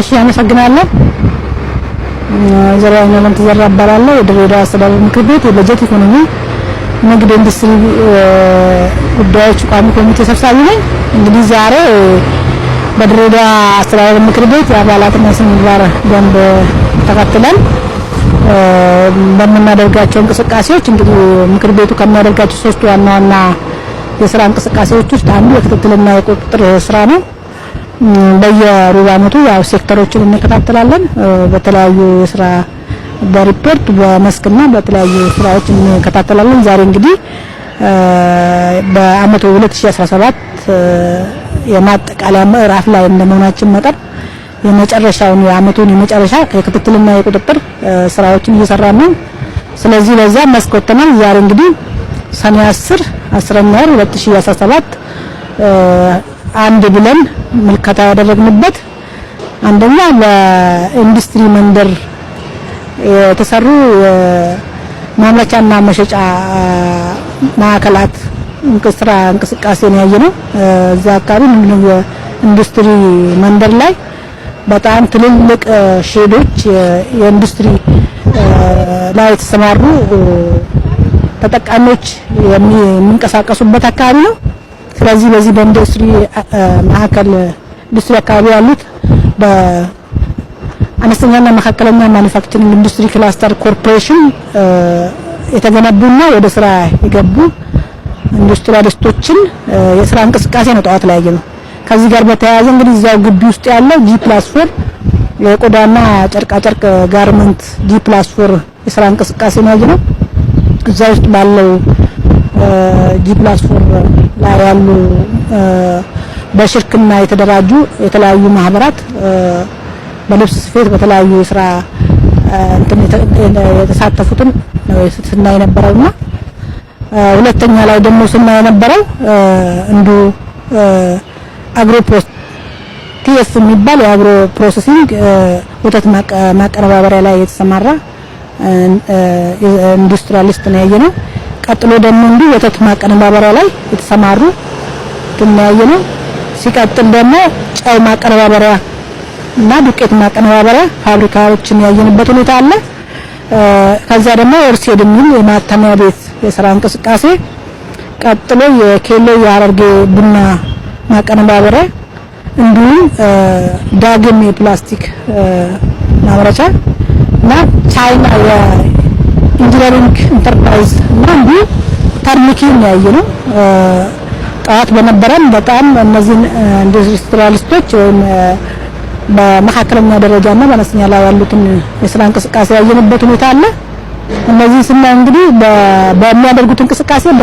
እሺ፣ አመሰግናለሁ። ዘራ አይናለም ተዘራ እባላለሁ። የድሬዳዋ አስተዳደር ምክር ቤት የበጀት ኢኮኖሚ፣ ንግድ፣ ኢንዱስትሪ ጉዳዮች ቋሚ ኮሚቴ ሰብሳቢ ነኝ። እንግዲህ ዛሬ በድሬዳዋ አስተዳደር ምክር ቤት የአባላትና የስነ ምግባር ደንብ ተከትለን በምናደርጋቸው እንቅስቃሴዎች እንግዲህ ምክር ቤቱ ከሚያደርጋቸው ሶስት ዋና ዋና የስራ እንቅስቃሴዎች ውስጥ አንዱ የክትትልና የቁጥጥር ስራ ነው። በየሩብ አመቱ ያው ሴክተሮችን እንከታተላለን። በተለያዩ የስራ በሪፖርት በመስክና በተለያዩ ስራዎች እንከታተላለን። ዛሬ እንግዲህ በአመቱ 2017 የማጠቃለያ ምዕራፍ ላይ እንደመሆናችን መጠን የመጨረሻውን የአመቱን የመጨረሻ የክትትልና የቁጥጥር ስራዎችን እየሰራን ነው። ስለዚህ ለዛ መስክ ወጥተናል። ዛሬ እንግዲህ ሰኔ 10 10 ወር 2017 አንድ ብለን ምልከታ ያደረግንበት አንደኛ ለኢንዱስትሪ መንደር የተሰሩ ማምረቻና መሸጫ ማዕከላት እንቅስራ እንቅስቃሴን ያየ ነው። እዛ አካባቢ ምንድነው የኢንዱስትሪ መንደር ላይ በጣም ትልልቅ ሼዶች የኢንዱስትሪ ላይ የተሰማሩ ተጠቃሚዎች የሚንቀሳቀሱበት አካባቢ ነው። ስለዚህ በዚህ በኢንዱስትሪ መካከል ኢንዱስትሪ አካባቢ ያሉት በአነስተኛና መካከለኛ ማኑፋክቸሪንግ ኢንዱስትሪ ክላስተር ኮርፖሬሽን የተገነቡና ወደ ስራ የገቡ ኢንዱስትሪያሊስቶችን የስራ እንቅስቃሴ ነው ጠዋት ላይ ያየነው። ከዚህ ጋር በተያያዘ እንግዲህ እዚያው ግቢ ውስጥ ያለው ጂ ፕላስ ፎር የቆዳና ጨርቃጨርቅ ጋርመንት ጂ ፕላስ ፎር የስራ እንቅስቃሴ ነው ያየነው። እዛ ውስጥ ባለው ጂፕላትፎርም ላይ ያሉ በሽርክና የተደራጁ የተለያዩ ማህበራት በልብስ ስፌት በተለያዩ የስራ የተሳተፉትን ስናይ የነበረውና ሁለተኛ ላይ ደግሞ ስናይ የነበረው እንዱ አግሮ ቲኤፍ የሚባል የአግሮ ፕሮሰሲንግ ወተት ማቀነባበሪያ ላይ የተሰማራ ኢንዱስትሪያሊስት ነው ያየነው። ቀጥሎ ደግሞ እንዲህ ወተት ማቀነባበሪያ ላይ የተሰማሩ ትናያየ ነው። ሲቀጥል ደግሞ ጨው ማቀነባበሪያ እና ዱቄት ማቀነባበሪያ ፋብሪካዎችን ያየንበት ሁኔታ አለ። ከዛ ደግሞ ኦርሴድ የሚል የማተሚያ ቤት የስራ እንቅስቃሴ፣ ቀጥሎ የኬሎ የሀረርጌ ቡና ማቀነባበሪያ እንዲሁም ዳግም የፕላስቲክ ማምረቻ እና ቻይና ኢንጂነሪንግ ኢንተርፕራይዝ እና እንዲሁ ታሪኬን ያየ ነው። ጠዋት በነበረን በጣም እነዚህን ኢንዱስትሪያሊስቶች ወይም በመካከለኛ ደረጃና በአነስተኛ ላይ ያሉትን የስራ እንቅስቃሴ ያየንበት ሁኔታ አለ። እነዚህ ስናይ እንግዲህ በሚያደርጉት እንቅስቃሴ